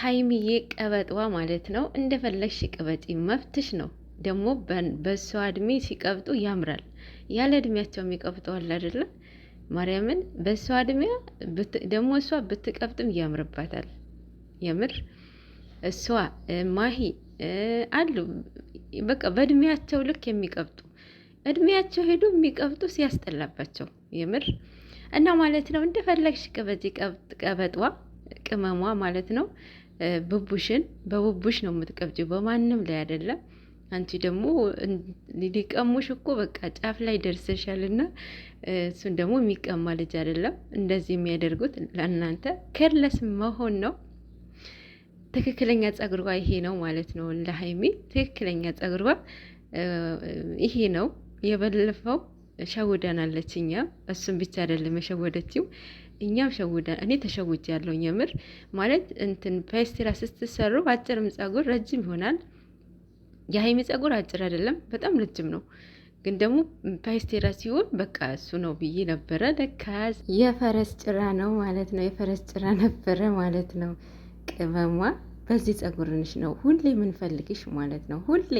ሀይሚዬ ቀበጥዋ ማለት ነው። እንደፈለግሽ ቅበጪ መብትሽ ነው። ደግሞ በሷ እድሜ ሲቀብጡ ያምራል። ያለ እድሜያቸው የሚቀብጡ አለ አይደለም? ማርያምን በሷ እድሜ ደግሞ እሷ ብትቀብጥም ያምርባታል። የምር እሷ ማሂ አሉ በቃ በእድሜያቸው ልክ የሚቀብጡ እድሜያቸው ሄዱ የሚቀብጡ ሲያስጠላባቸው የምር እና ማለት ነው። እንደፈለግሽ ቅበጪ ቀበጥዋ ቅመሟ ማለት ነው። ብቡሽን በብቡሽ ነው የምትቀብጭው፣ በማንም ላይ አይደለም። አንቺ ደግሞ ሊቀሙሽ እኮ በቃ ጫፍ ላይ ደርሰሻል። እና እሱን ደግሞ የሚቀማ ልጅ አይደለም። እንደዚህ የሚያደርጉት ለእናንተ ከለስ መሆን ነው። ትክክለኛ ጸጉርዋ ይሄ ነው ማለት ነው። ለሀይሚ ትክክለኛ ጸጉርዋ ይሄ ነው የበለፈው ሸውደናለች እኛ እሱም ብቻ አይደለም የሸወደችው እኛም ሸውዳ እኔ ተሸውጅ ያለው የምር ማለት እንትን ፔስትራ ስትሰሩ አጭርም ጸጉር ረጅም ይሆናል። የሀይሚ ጸጉር አጭር አይደለም፣ በጣም ረጅም ነው። ግን ደግሞ ፓስቴራ ሲሆን በቃ እሱ ነው ብዬ ነበረ። ለካ የፈረስ ጭራ ነው ማለት ነው። የፈረስ ጭራ ነበረ ማለት ነው። ቅመሟ በዚህ ጸጉርንሽ ነው ሁሌ የምንፈልግሽ ማለት ነው ሁሌ